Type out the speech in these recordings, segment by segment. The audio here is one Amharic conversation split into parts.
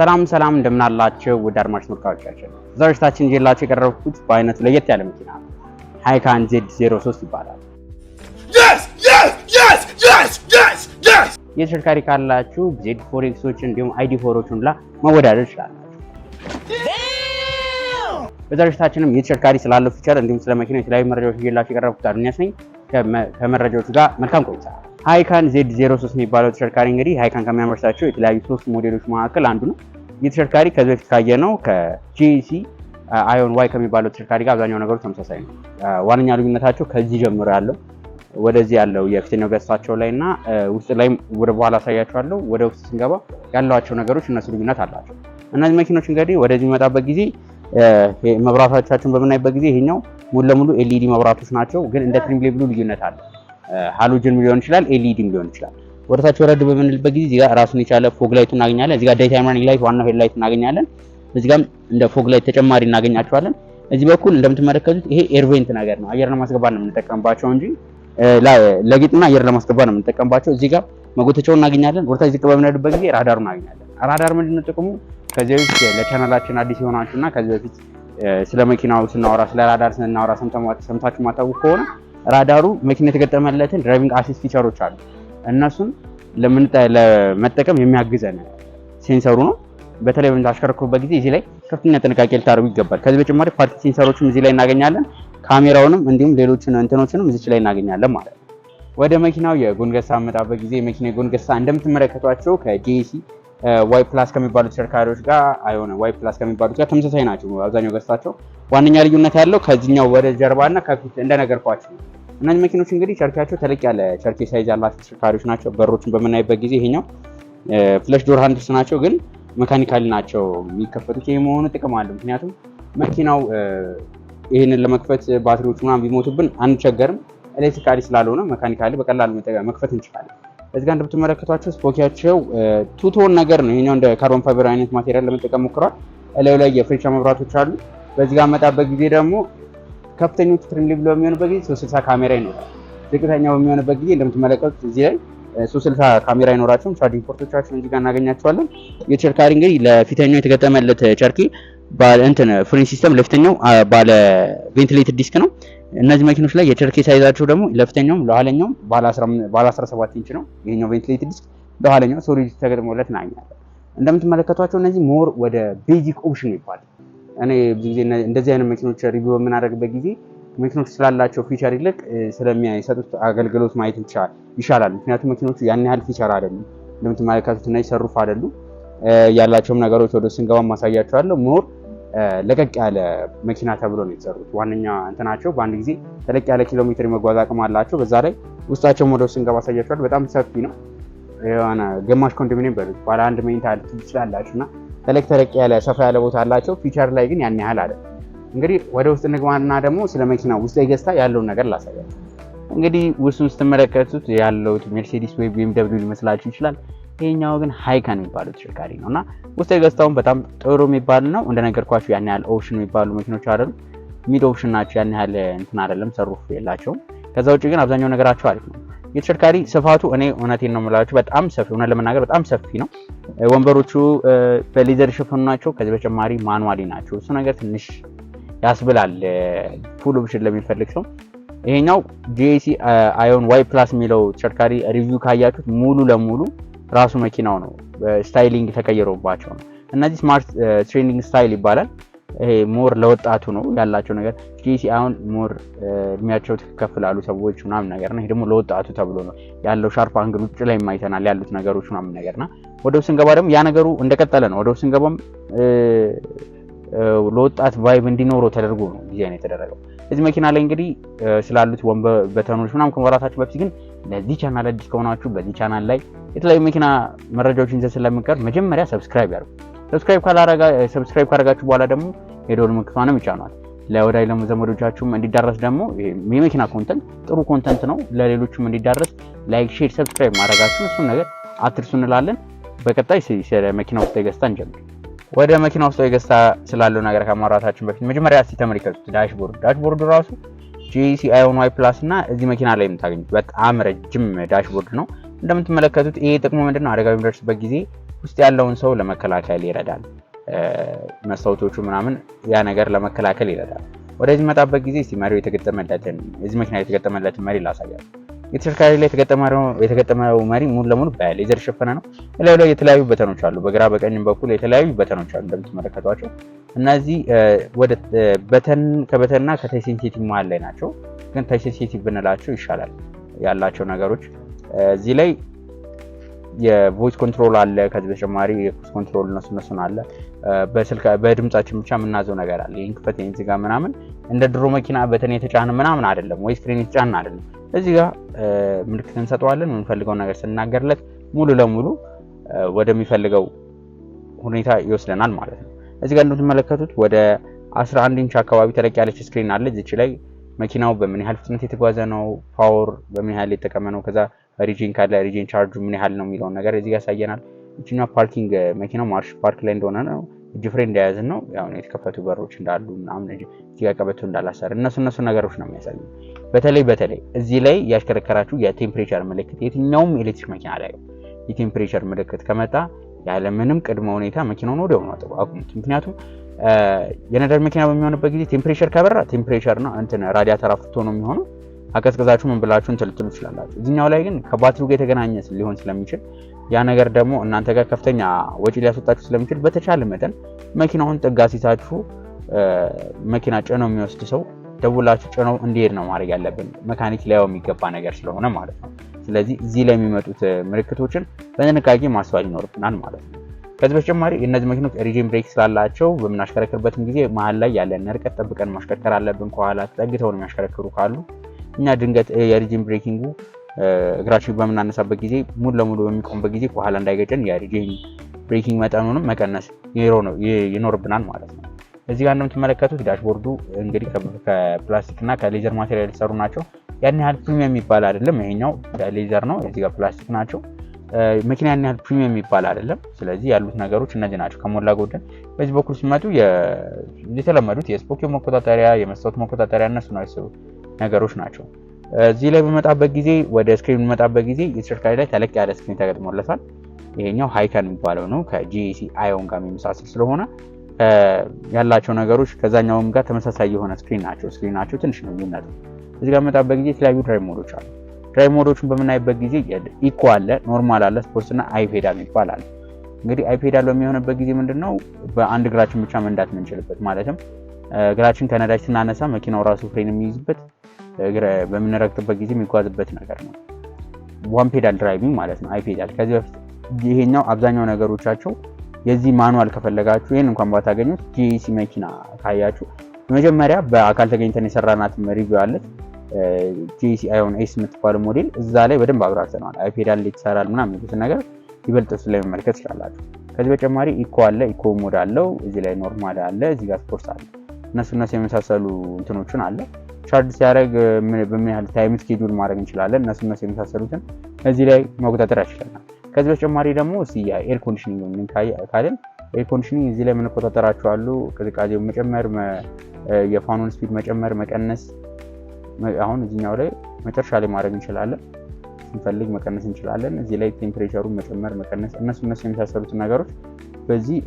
ሰላም ሰላም እንደምናላችሁ ውድ አድማጭ ተመልካቾቻችን፣ ዛሬሽታችን ይዤላችሁ የቀረብኩት በአይነቱ ለየት ያለ መኪና ሃይካን ዜድ 03 ይባላል። የተሽከርካሪ ካላችሁ ዜድ ኤክሶች እንዲሁም አይዲ ፎሮችን ላ መወዳደር ይችላላችሁ። በዛሬሽታችንም የተሽከርካሪ ስላለው ፊቸር እንዲሁም ስለ መኪና የተለያዩ መረጃዎች ይዤላችሁ የቀረብኩት አዱኛስ ነኝ። ከመረጃዎቹ ጋር መልካም ቆይታ። ሃይካን ዜድ 03 የሚባለው ተሽከርካሪ እንግዲህ ሃይካን ከሚያመርታቸው የተለያዩ ሶስት ሞዴሎች መካከል አንዱ ነው። ይህ ተሽከርካሪ ከዚህ በፊት ካየ ነው ከጂሲ አዮን ዋይ ከሚባለው ተሽከርካሪ ጋር አብዛኛው ነገሮች ተመሳሳይ ነው። ዋነኛ ልዩነታቸው ከዚህ ጀምሮ ያለው ወደዚህ ያለው የፊተኛው ገጽታቸው ላይ እና ውስጥ ላይም ወደ በኋላ አሳያቸዋለሁ። ወደ ውስጥ ስንገባ ያለዋቸው ነገሮች እነሱ ልዩነት አላቸው። እነዚህ መኪኖች እንግዲህ ወደዚህ የሚመጣበት ጊዜ መብራቶቻችን በምናይበት ጊዜ ይሄኛው ሙሉ ለሙሉ ኤልኢዲ መብራቶች ናቸው። ግን እንደ ትሪም ሌብሉ ልዩነት አለ። ሃሎጅን ሊሆን ይችላል፣ ኤልኢዲም ሊሆን ይችላል። ወደታች ወረድ በምንልበት ጊዜ እዚጋ ራሱን የቻለ ፎግ ላይት እናገኛለን። እዚጋ ዴይ ታይም ራኒንግ ላይት፣ ዋናው ሄድ ላይት እናገኛለን። እዚጋም እንደ ፎግ ላይት ተጨማሪ እናገኛቸዋለን። እዚህ በኩል እንደምትመለከቱት ይሄ ኤርቬንት ነገር ነው። አየር ለማስገባት ነው የምንጠቀምባቸው እንጂ ለጌጥና አየር ለማስገባት ነው የምንጠቀምባቸው። እዚህ ጋር መጎተቻውን እናገኛለን። ወደታች ዝቅ በምንሄድበት ጊዜ ራዳሩ እናገኛለን። ራዳር ምንድነው ጥቅሙ? ከዚህ በፊት ለቻናላችን አዲስ የሆናችሁ እና ከዚህ በፊት ስለ መኪናው ስናወራ ስለ ራዳር ስናወራ ሰምታችሁ ማታውቁ ከሆነ ራዳሩ መኪና የተገጠመለትን ድራይቪንግ አሲስት ፊቸሮች አሉ። እነሱን ለመጠቀም የሚያግዘን ሴንሰሩ ነው። በተለይ በምታሽከረክሩበት ጊዜ እዚህ ላይ ከፍተኛ ጥንቃቄ ልታደርጉ ይገባል። ከዚህ በተጨማሪ ፓርቲ ሴንሰሮችም እዚህ ላይ እናገኛለን። ካሜራውንም እንዲሁም ሌሎችን እንትኖችንም እዚች ላይ እናገኛለን ማለት ነው። ወደ መኪናው የጎንገሳ አመጣበት ጊዜ መኪና የጎንገሳ እንደምትመለከቷቸው ከጄሲ ዋይ ፕላስ ከሚባሉ ተሽከርካሪዎች ጋር አይሆነ ዋይ ፕላስ ከሚባሉ ጋር ተመሳሳይ ናቸው። አብዛኛው ገጽታቸው ዋነኛ ልዩነት ያለው ከዚኛው ወደ ጀርባ ጀርባና ከፊት እንደነገርኳቸው ነው። እነዚህ መኪኖች እንግዲህ ቸርኪያቸው ተለቅ ያለ ቸርኪ ሳይዝ ያላቸው ተሽከርካሪዎች ናቸው። በሮችን በምናይበት ጊዜ ይሄኛው ፍለሽ ዶር ሃንድልስ ናቸው፣ ግን መካኒካሊ ናቸው የሚከፈቱት። ይህ መሆኑ ጥቅም አለ። ምክንያቱም መኪናው ይህንን ለመክፈት ባትሪዎች ምናምን ቢሞቱብን አንቸገርም። ኤሌክትሪካሊ ስላልሆነ መካኒካሊ በቀላሉ መክፈት እንችላለን። እዚህ ጋር እንደምትመለከቷቸው ስፖኪያቸው ቱቶን ነገር ነው። ይሄኛው እንደ ካርቦን ፋይበር አይነት ማቴሪያል ለመጠቀም ሞክሯል። እላዩ ላይ የፍሬቻ መብራቶች አሉ። በዚህ ጋር መጣበት ጊዜ ደግሞ ከፍተኞቹ ትሪም ሌቭል በሚሆንበት ጊዜ ሶስት ስልሳ ካሜራ ይኖራል። ዝቅተኛ በሚሆንበት ጊዜ እንደምትመለከቱት እዚህ ላይ ሶስት ካሜራ ይኖራቸውም ቻርጅንግ ፖርቶቻቸው እዚህ ጋር እናገኛቸዋለን። የቸርካሪ እንግዲህ ለፊተኛው የተገጠመለት ቸርኪ እንትን ፍሬን ሲስተም ለፊተኛው ባለ ቬንቲሌትድ ዲስክ ነው። እነዚህ መኪኖች ላይ የቸርኬ ሳይዛቸው ደግሞ ለፊተኛውም ለኋለኛውም ባለ 17 ኢንች ነው። ይሄኛው ቬንትሌት ዲስክ ለኋለኛው ሶሊድ ተገጥሞለት እናገኛለን። እንደምትመለከቷቸው እነዚህ ሞር ወደ ቤዚክ ኦፕሽን ይባላል። እኔ ብዙ ጊዜ እንደዚህ አይነት መኪኖች ሪቪው በምናደርግበት ጊዜ መኪኖች ስላላቸው ፊቸር ይልቅ ስለሚሰጡት አገልግሎት ማየት ይሻላል። ምክንያቱም መኪኖቹ ያን ያህል ፊቸር አይደሉም፣ እንደምትመለከቱት እነዚህ ሰሩፍ አይደሉም። ያላቸውም ነገሮች ወደ ስንገባ ማሳያቸዋለሁ ሞር ለቀቅ ያለ መኪና ተብሎ ነው የተሰሩት። ዋነኛ እንትናቸው በአንድ ጊዜ ተለቅ ያለ ኪሎ ሜትር የመጓዝ አቅም አላቸው። በዛ ላይ ውስጣቸው ወደ ውስጥ ስንገባ አሳያቸዋል። በጣም ሰፊ ነው። የሆነ ግማሽ ኮንዶሚኒየም በሉት ባለ አንድ መኝታ ትችላላችሁ እና ተለቅ ተለቅ ያለ ሰፋ ያለ ቦታ አላቸው። ፊቸር ላይ ግን ያን ያህል አለ። እንግዲህ ወደ ውስጥ ንግባና ደግሞ ስለ መኪና ውስጥ ገዝታ ያለውን ነገር ላሳያቸው። እንግዲህ ውስጡን ስትመለከቱት ያለውት ሜርሴዲስ ወይ ቢኤምደብሊው ሊመስላችሁ ይችላል። ይሄኛው ግን ሃይካን የሚባለው ተሽከርካሪ ነው እና ውስጥ የገጽታውን በጣም ጥሩ የሚባል ነው። እንደነገርኳችሁ ያን ያህል ኦፕሽን የሚባሉ መኪኖች አይደሉም። ሚድ ኦፕሽን ናቸው። ያን ያህል እንትን አይደለም፣ ሰሩፍ የላቸውም። ከዛ ውጭ ግን አብዛኛው ነገራቸው አሪፍ ነው። የተሽከርካሪ ስፋቱ እኔ እውነቴን ነው የምላችሁ በጣም ሰፊ እውነት ለመናገር በጣም ሰፊ ነው። ወንበሮቹ በሌዘር የሸፈኑ ናቸው። ከዚህ በተጨማሪ ማኑዋሊ ናቸው። እሱ ነገር ትንሽ ያስብላል ፉል ኦፕሽን ለሚፈልግ ሰው። ይሄኛው ጂኤሲ አዮን ዋይ ፕላስ የሚለው ተሽከርካሪ ሪቪው ካያችሁት ሙሉ ለሙሉ ራሱ መኪናው ነው ስታይሊንግ ተቀይሮባቸው ነው። እነዚህ ስማርት ትሬኒንግ ስታይል ይባላል። ይሄ ሞር ለወጣቱ ነው ያላቸው ነገር ጂሲ አሁን ሞር እድሜያቸው ከፍ ሰዎች ምናምን ነገር ነው። ይሄ ደግሞ ለወጣቱ ተብሎ ነው ያለው ሻርፕ አንግል ውጭ ላይ የማይተናል ያሉት ነገሮች ምናምን ነገር ና ወደ ውስን ገባ ደግሞ ያ ነገሩ እንደቀጠለ ነው። ወደ ውስን ገባም ለወጣት ቫይብ እንዲኖረው ተደርጎ ነው ዲዛይን የተደረገው። እዚህ መኪና ላይ እንግዲህ ስላሉት ወንበ በተኖች ምናም ከመራታቸው በፊት ግን ለዚህ ቻናል አዲስ ከሆናችሁ በዚህ ቻናል ላይ የተለያዩ መኪና መረጃዎችን ይዘን ስለምንቀርብ መጀመሪያ ሰብስክራይብ ያርጉ። ሰብስክራይብ ካደረጋችሁ በኋላ ደግሞ የደወል ምልክቷንም ይጫኗል። ለወዳጅ ለዘመዶቻችሁም እንዲዳረስ ደግሞ የመኪና ኮንተንት ጥሩ ኮንተንት ነው፣ ለሌሎችም እንዲዳረስ ላይክ፣ ሼር፣ ሰብስክራይብ ማድረጋችሁ እሱን ነገር አትርሱ እንላለን። በቀጣይ ስለ መኪና ውስጥ ገጽታ እንጀምር። ወደ መኪና ውስጥ ገጽታ ስላለው ነገር ከማውራታችን በፊት መጀመሪያ እስኪ ተመልከቱት ዳሽቦርድ ዳሽቦርዱ ራሱ ዋይ ፕላስ እና እዚህ መኪና ላይ የምታገኙት በጣም ረጅም ዳሽቦርድ ነው እንደምትመለከቱት። ይሄ ጥቅሙ ምንድን ነው? አደጋ በሚደርስበት ጊዜ ውስጥ ያለውን ሰው ለመከላከል ይረዳል። መስታወቶቹ ምናምን ያ ነገር ለመከላከል ይረዳል። ወደዚህ መጣበት ጊዜ እስቲ መሪው የተገጠመለትን እዚህ መኪና የተገጠመለትን መሪ ላሳያል። የተሽከርካሪ ላይ የተገጠመው መሪ ሙሉ ለሙሉ በሌዘር የተሸፈነ ነው። ላዩ ላይ የተለያዩ በተኖች አሉ። በግራ በቀኝም በኩል የተለያዩ በተኖች አሉ እንደምትመለከቷቸው። እነዚህ በተን ከበተንና ከታች መሀል ላይ ናቸው፣ ግን ታች ብንላቸው ይሻላል ያላቸው ነገሮች እዚህ ላይ የቮይስ ኮንትሮል አለ። ከዚህ በተጨማሪ የክሩዝ ኮንትሮል እነሱ እነሱን አለ። በድምጻችን ብቻ የምናዘው ነገር አለ። ይህን ክፈት ይህን ዝጋ ምናምን እንደ ድሮ መኪና በተን የተጫነ ምናምን አይደለም፣ ወይ ስክሪን የተጫነ አይደለም። እዚህ ጋር ምልክት እንሰጠዋለን። የምንፈልገው ነገር ስናገርለት ሙሉ ለሙሉ ወደሚፈልገው ሁኔታ ይወስደናል ማለት ነው። እዚህ ጋር እንደምትመለከቱት ወደ 11 ኢንች አካባቢ ተለቅ ያለች ስክሪን አለ። እዚች ላይ መኪናው በምን ያህል ፍጥነት የተጓዘ ነው፣ ፓወር በምን ያህል የተጠቀመ ነው፣ ከዛ ሪጅን ካለ ሪጅን ቻርጁ ምን ያህል ነው የሚለውን ነገር እዚህ ያሳየናል። እችኛ ፓርኪንግ መኪና ማርሽ ፓርክ ላይ እንደሆነ ነው። እጅ ፍሬ እንደያዝን ነው ያሁን የተከፈቱ በሮች እንዳሉ ምናምን እዚህ ቀበቶ እንዳላሰር እነሱ እነሱ ነገሮች ነው የሚያሳዩ። በተለይ በተለይ እዚህ ላይ ያሽከረከራችሁ የቴምፕሬቸር ምልክት የትኛውም ኤሌክትሪክ መኪና ላይ የቴምፕሬቸር ምልክት ከመጣ ያለምንም ቅድመ ሁኔታ መኪናውን ወዲያውኑ አጥቡ አቁሙት። ምክንያቱም የነዳጅ መኪና በሚሆንበት ጊዜ ቴምፕሬቸር ከበራ ቴምፕሬቸር ነው እንትን ራዲያተር አፍቶ ነው የሚሆነው አቀዝቅዛችሁ ምን ብላችሁ እንትልትሉ ትችላላችሁ። እዚህኛው ላይ ግን ከባትሪው ጋር የተገናኘ ሊሆን ስለሚችል ያ ነገር ደግሞ እናንተ ጋር ከፍተኛ ወጪ ሊያስወጣችሁ ስለሚችል በተቻለ መጠን መኪናውን ጥጋ ሲታችሁ መኪና ጭኖ የሚወስድ ሰው ደውላችሁ ጭኖ እንዲሄድ ነው ማድረግ ያለብን፣ መካኒክ ሊያየው የሚገባ ነገር ስለሆነ ማለት ነው። ስለዚህ እዚህ ላይ የሚመጡት ምልክቶችን በጥንቃቄ ማስተዋል ይኖርብናል ማለት ነው። ከዚህ በተጨማሪ እነዚህ መኪኖች ሪጅን ብሬክ ስላላቸው በምናሽከረክርበትም ጊዜ መሀል ላይ ያለን ርቀት ጠብቀን ማሽከርከር አለብን። ከኋላ ተጠግተውን የሚያሽከረክሩ ካሉ እኛ ድንገት የሪጅን ብሬኪንጉ እግራችን በምናነሳበት ጊዜ ሙሉ ለሙሉ በሚቆምበት ጊዜ ከኋላ እንዳይገጨን የሪጅን ብሬኪንግ መጠኑንም መቀነስ ይኖርብናል ማለት ነው። እዚህ ጋር እንደምትመለከቱት ዳሽቦርዱ እንግዲህ ከፕላስቲክ እና ከሌዘር ማቴሪያል የተሰሩ ናቸው። ያን ያህል ፕሪሚየም የሚባል አይደለም። ይሄኛው ሌዘር ነው፣ እዚህ ጋር ፕላስቲክ ናቸው። መኪና ያን ያህል ፕሪሚየም የሚባል አይደለም። ስለዚህ ያሉት ነገሮች እነዚህ ናቸው ከሞላ ጎደል። በዚህ በኩል ሲመጡ የተለመዱት የስፖኪ መቆጣጠሪያ፣ የመስታወት መቆጣጠሪያ እነሱ ነው ነገሮች ናቸው። እዚህ ላይ በመጣበት ጊዜ ወደ ስክሪን በመጣበት ጊዜ የተሽከርካሪ ላይ ተለቅ ያለ ስክሪን ተገጥሞለታል። ይሄኛው ሃይከን የሚባለው ነው ከጂሲ አዮን ጋር የሚመሳሰል ስለሆነ ያላቸው ነገሮች ከዛኛውም ጋር ተመሳሳይ የሆነ ስክሪን ናቸው። ስክሪን ናቸው ትንሽ ነው የሚነቱ። እዚህ ጋር በመጣበት ጊዜ የተለያዩ ድራይቭ ሞዶች አሉ። ድራይቭ ሞዶችን በምናይበት ጊዜ ኢኮ አለ፣ ኖርማል አለ፣ ስፖርት እና አይፔዳል የሚባል አለ። እንግዲህ አይፔዳል በሚሆንበት ጊዜ ምንድን ነው በአንድ እግራችን ብቻ መንዳት የምንችልበት ማለትም እግራችን ከነዳጅ ስናነሳ መኪናው ራሱ ፍሬን የሚይዝበት በምንረግጥበት ጊዜ የሚጓዝበት ነገር ነው። ዋን ፔዳል ድራይቪንግ ማለት ነው። አይ ፔዳል ከዚህ በፊት ይሄኛው አብዛኛው ነገሮቻቸው የዚህ ማኑዋል ከፈለጋችሁ ይህን እንኳን ባታገኙት ጂሲ መኪና ካያችሁ መጀመሪያ በአካል ተገኝተን የሰራናት ሪቪው አለች። ጂሲ አዮን ኤስ የምትባል ሞዴል እዛ ላይ በደንብ አብራርተነዋል። አይ ፔዳል ይሰራል ምናምን የሚሉትን ነገር ይበልጥ እሱ ላይ መመልከት ይችላላችሁ። ከዚህ በተጨማሪ ኢኮ አለ፣ ኢኮ ሞድ አለው። እዚህ ላይ ኖርማል አለ፣ እዚህ ጋር ስፖርት አለ። እነሱ እነሱ የመሳሰሉ እንትኖችን አለ ቻርጅ ሲያደርግ በምን ያህል ታይም ስኬጁል ማድረግ እንችላለን እነሱ እነሱ የመሳሰሉትን እዚህ ላይ መቆጣጠር ያስችለናል። ከዚህ በተጨማሪ ደግሞ እስ የኤር ኮንዲሽኒንግ ካልን ኤር ኮንዲሽኒንግ እዚህ ላይ የምንቆጣጠራቸው አሉ። ቅዝቃዜው መጨመር፣ የፋኑን ስፒድ መጨመር፣ መቀነስ አሁን እዚኛው ላይ መጨረሻ ላይ ማድረግ እንችላለን። ስንፈልግ መቀነስ እንችላለን። እዚህ ላይ ቴምፕሬቸሩን መጨመር፣ መቀነስ እነሱ እነሱ የመሳሰሉትን ነገሮች በዚህ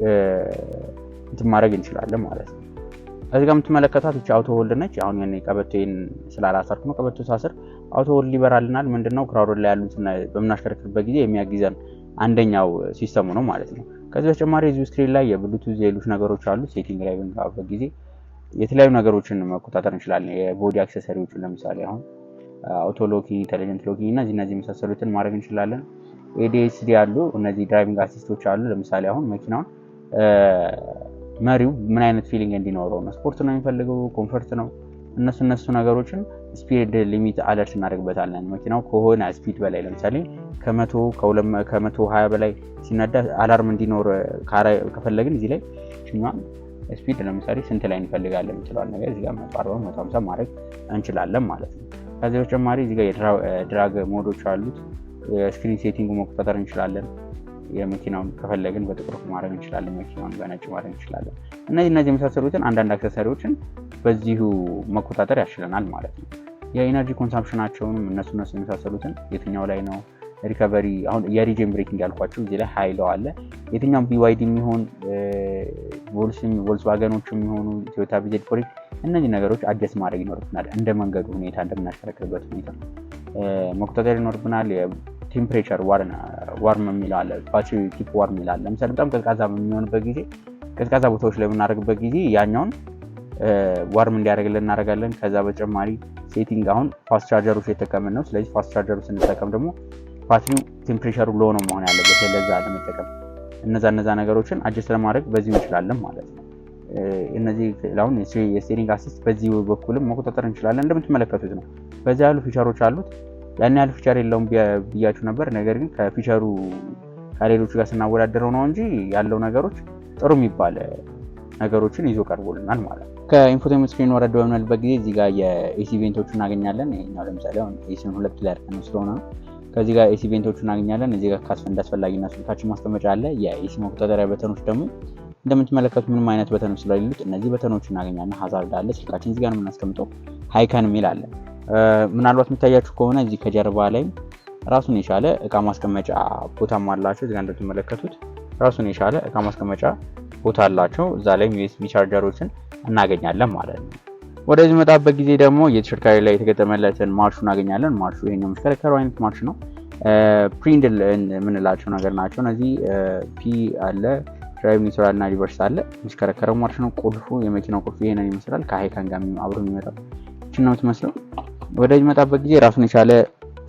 እንትን ማድረግ እንችላለን ማለት ነው። እዚህ ጋር የምትመለከቷት አውቶ ሆልድ ነች። አሁን ያን ቀበቶን ስላላሰርኩ ነው። ቀበቶ ሳስር አውቶ ሆልድ ሊበራልናል። ምንድነው ክራውድ ላይ ያሉትን በምናሽከረክርበት ጊዜ የሚያግዘን አንደኛው ሲስተሙ ነው ማለት ነው። ከዚህ በተጨማሪ እዚሁ ስክሪን ላይ የብሉቱዝ ሌሎች ነገሮች አሉ። ሴቲንግ ላይ በንጋበት ጊዜ የተለያዩ ነገሮችን መቆጣጠር እንችላለን። የቦዲ አክሰሰሪዎችን ለምሳሌ አሁን አውቶ ሎኪ፣ ኢንቴሊጀንት ሎኪ እና እዚህ እነዚህ የመሳሰሉትን ማድረግ እንችላለን። ኤዲኤችዲ አሉ። እነዚህ ድራይቪንግ አሲስቶች አሉ። ለምሳሌ አሁን መኪናውን መሪው ምን አይነት ፊሊንግ እንዲኖረው ነው? ስፖርት ነው የሚፈልገው? ኮንፈርት ነው? እነሱ እነሱ ነገሮችን ስፒድ ሊሚት አለርት እናደርግበታለን። መኪናው ከሆነ ስፒድ በላይ ለምሳሌ ከመቶ ከመቶ ሀያ በላይ ሲነዳ አላርም እንዲኖር ከፈለግን እዚህ ላይ ችኛዋን ስፒድ ለምሳሌ ስንት ላይ እንፈልጋለን የምትለዋል ነገር እዚህ ጋር መቶ አርባ መቶ ሀምሳ ማድረግ እንችላለን ማለት ነው። ከዚህ በተጨማሪ እዚህ ጋር የድራግ ሞዶች አሉት። ስክሪን ሴቲንግ መቆጣጠር እንችላለን። የመኪናውን ከፈለግን በጥቁር ማድረግ እንችላለን፣ መኪናውን በነጭ ማድረግ እንችላለን። እነዚህ እነዚህ የመሳሰሉትን አንዳንድ አክሰሰሪዎችን በዚሁ መቆጣጠር ያስችለናል ማለት ነው። የኢነርጂ ኮንሳምፕሽናቸውንም እነሱ እነሱ የመሳሰሉትን የትኛው ላይ ነው ሪከቨሪ አሁን የሪጅን ብሬኪንግ ያልኳቸው እዚህ ላይ ሀይለው አለ። የትኛውም ቢዋይድ የሚሆን ቮልስዋገኖች የሚሆኑ ቶዮታ ቪዜድ ፖሪ እነዚህ ነገሮች አደስ ማድረግ ይኖርብናል። እንደ መንገዱ ሁኔታ እንደምናሽከረክርበት ሁኔታ መቆጣጠር ይኖርብናል። ቴምፕሬቸር ዋርም የሚል አለ፣ ባትሪ ኪፕ ዋርም ይላል። ለምሳሌ በጣም ቀዝቃዛ በሚሆንበት ጊዜ ቀዝቃዛ ቦታዎች ላይ የምናደርግበት ጊዜ ያኛውን ዋርም እንዲያደርግልን እናደርጋለን። ከዛ በተጨማሪ ሴቲንግ አሁን ፋስት ቻርጀሩ የተጠቀምን ነው። ስለዚህ ፋስት ቻርጀሩ ስንጠቀም ደግሞ ባትሪው ቴምፕሬቸሩ ሎ ነው መሆን ያለበት ለዛ ለመጠቀም እነዛ እነዛ ነገሮችን አጀስት ለማድረግ በዚህ እንችላለን ማለት ነው። እነዚህ ሁን የስቴሪንግ አሲስት በዚህ በኩልም መቆጣጠር እንችላለን። እንደምትመለከቱት ነው። በዚያ ያሉ ፊቸሮች አሉት። ያን ያህል ፊቸር የለውም ብያችሁ ነበር። ነገር ግን ከፊቸሩ ከሌሎቹ ጋር ስናወዳደረው ነው እንጂ ያለው ነገሮች ጥሩ የሚባል ነገሮችን ይዞ ቀርቦልናል ማለት ነው። ከኢንፎቴመንት ስክሪን ወረድ በምንልበት ጊዜ እዚህ ጋር የኤሲ ቬንቶቹ እናገኛለን። ይኛው ለምሳሌ አሁን ኤሲን ሁለት ላይ አድርገን ስለሆነ ነው። ከዚህ ጋር ኤሲ ቬንቶቹ እናገኛለን። እዚህ ጋር ካስፈ እንዳስፈላጊና ስልካችን ማስቀመጫ አለ። የኤሲ መቆጣጠሪያ በተኖች ደግሞ እንደምትመለከቱ ምንም አይነት በተኖች ስለሌሉት እነዚህ በተኖች እናገኛለን። ሀዛርድ አለ። ስልካችን እዚህ ጋር ነው የምናስቀምጠው። ሀይከን የሚል አለን ምናልባት የሚታያችሁ ከሆነ እዚህ ከጀርባ ላይ ራሱን የቻለ እቃ ማስቀመጫ ቦታም አላቸው። እዚጋ እንደምትመለከቱት ራሱን የቻለ እቃ ማስቀመጫ ቦታ አላቸው። እዛ ላይም ዩኤስቢ ቻርጀሮችን እናገኛለን ማለት ነው። ወደዚህ መጣበት ጊዜ ደግሞ የተሽከርካሪ ላይ የተገጠመለትን ማርሹ እናገኛለን። ማርሹ ይሄኛው መሽከርከሩ አይነት ማርሽ ነው። ፕሪንድል የምንላቸው ነገር ናቸው እነዚህ። ፒ አለ ድራይቭ ኒውትራል እና ሪቨርስ አለ። የሚሽከረከረው ማርሽ ነው። ቁልፉ የመኪናው ቁልፍ ይሄንን ይመስላል። ከሀይካን ጋር አብሮ የሚመጣው ያችን ነው ትመስለው ወደዚህ መጣበት ጊዜ ራሱን የቻለ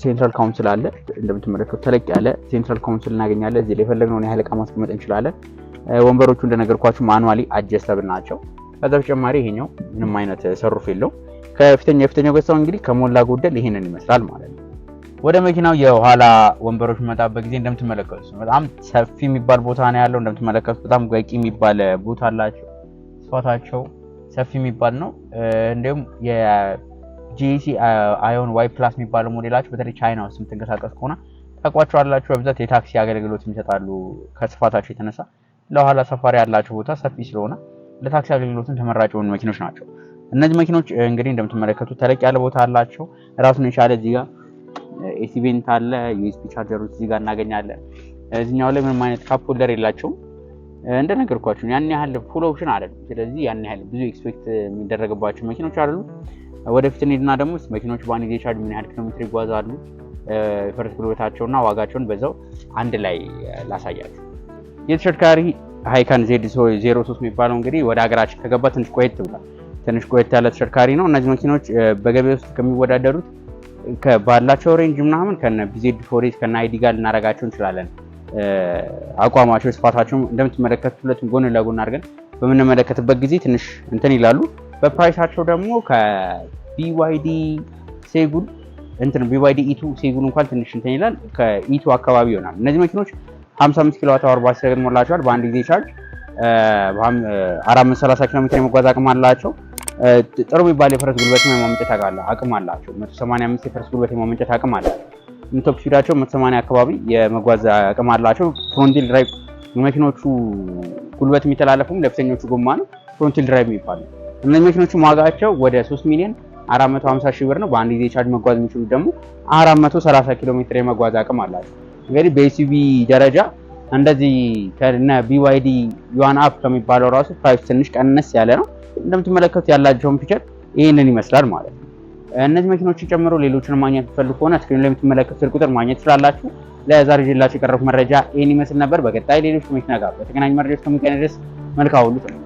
ሴንትራል ካውንስል አለ። እንደምትመለከቱ ተለቅ ያለ ሴንትራል ካውንስል እናገኛለን። እዚህ ላይ የፈለግነውን ያህል ዕቃ ማስቀመጥ እንችላለን። ወንበሮቹ እንደነገርኳችሁ ማኑዋሊ አጀስተብል ናቸው። ከዛ በተጨማሪ ይሄኛው ምንም አይነት ሰሩፍ የለው። ከፊተኛ የፊተኛው ገጽታው እንግዲህ ከሞላ ጎደል ይሄንን ይመስላል ማለት ነው። ወደ መኪናው የኋላ ወንበሮች የሚመጣበት ጊዜ እንደምትመለከቱ በጣም ሰፊ የሚባል ቦታ ነው ያለው። እንደምትመለከቱ በጣም በቂ የሚባል ቦታ አላቸው። ስፋታቸው ሰፊ የሚባል ነው። እንዲሁም የጂሲ አዮን ዋይ ፕላስ የሚባለው ሞዴላቸው በተለይ ቻይና ውስጥ የምትንቀሳቀስ ከሆነ ታውቋቸው አላቸው። በብዛት የታክሲ አገልግሎት ይሰጣሉ። ከስፋታቸው የተነሳ ለኋላ ሰፋሪ ያላቸው ቦታ ሰፊ ስለሆነ ለታክሲ አገልግሎትን ተመራጭ የሆኑ መኪኖች ናቸው። እነዚህ መኪኖች uh, እንግዲህ እንደምትመለከቱት ተለቅ ያለ ቦታ አላቸው። ራሱን የቻለ እዚህ ጋር ኤሲ ቬንት አለ። ዩኤስቢ ቻርጀሮች እዚህ እናገኛለን። እዚኛው ላይ ምንም አይነት ካፕ ሆልደር የላቸውም። እንደነገርኳችሁ ያን ያህል ፉል ኦፕሽን አይደሉም። ስለዚህ ያን ያህል ብዙ ኤክስፔክት የሚደረግባቸው መኪኖች አሉ። ወደፊት እንሂድና ደግሞ መኪኖች በአንድ ጊዜ ቻርጅ ምን ያህል ኪሎ ሜትር ይጓዛሉ፣ የፈረስ ጉልበታቸውና ዋጋቸውን በዛው አንድ ላይ ላሳያችሁ። የተሽከርካሪ ሃይካን ዜድ ዜሮ ሶስት የሚባለው እንግዲህ ወደ ሀገራችን ከገባ ትንሽ ቆየት ብሏል። ትንሽ ቆየት ያለ ተሽከርካሪ ነው። እነዚህ መኪኖች በገበያ ውስጥ ከሚወዳደሩት ባላቸው ሬንጅ ምናምን ከነ ቢዜድ ፎሬጅ ከነ አይዲ ጋር ልናረጋቸው እንችላለን። አቋማቸው ስፋታቸው እንደምትመለከቱት ሁለቱም ጎን ለጎን አድርገን በምንመለከትበት ጊዜ ትንሽ እንትን ይላሉ። በፕራይሳቸው ደግሞ ከቢዋይዲ ሴጉል እንትን ቢዋይዲ ኢቱ ሴጉል እንኳን ትንሽ እንትን ይላል ከኢቱ አካባቢ ይሆናል። እነዚህ መኪኖች 55 ኪሎ ዋት አወር ባትሪ ሞላቸዋል። በአንድ ጊዜ ቻርጅ 430 ኪሎ ሜትር የመጓዝ አቅም አላቸው። ጥሩ የሚባል የፈረስ ጉልበት የማመንጨት አቅም አላቸው። 185 የፈረስ ጉልበት የማመንጨት አቅም አላቸው። መቶ ስፒዳቸው አካባቢ የመጓዝ አቅም አላቸው። ፍሮንቲል ድራይቭ መኪኖቹ ጉልበት የሚተላለፉም ለፊተኞቹ ጎማ ነው። ፍሮንቲል ድራይቭ የሚባል ነው። እነዚህ መኪኖቹ ዋጋቸው ወደ 3 ሚሊዮን 450 ሺህ ብር ነው። በአንድ ጊዜ ቻርጅ መጓዝ የሚችሉት ደግሞ 430 ኪሎ ሜትር የመጓዝ አቅም አላቸው። እንግዲህ በኤስዩቪ ደረጃ እንደዚህ ከነ ቢዋይዲ ዩዋን አፕ ከሚባለው ራሱ ፕራይስ ትንሽ ቀነስ ያለ ነው። እንደምትመለከቱት ያላቸውን ፊቸር ይህንን ይመስላል ማለት ነው። እነዚህ መኪኖችን ጨምሮ ሌሎችን ማግኘት ትፈልጉ ከሆነ ስክሪኑ ላይ የምትመለከቱት ስልክ ቁጥር ማግኘት ትችላላችሁ። ለዛሬ ይዤላችሁ የቀረቡት መረጃ ይህን ይመስል ነበር። በቀጣይ ሌሎች መኪና ጋር በተገናኝ መረጃዎች ከሚገኝ ድረስ መልካም ሁሉ ነው።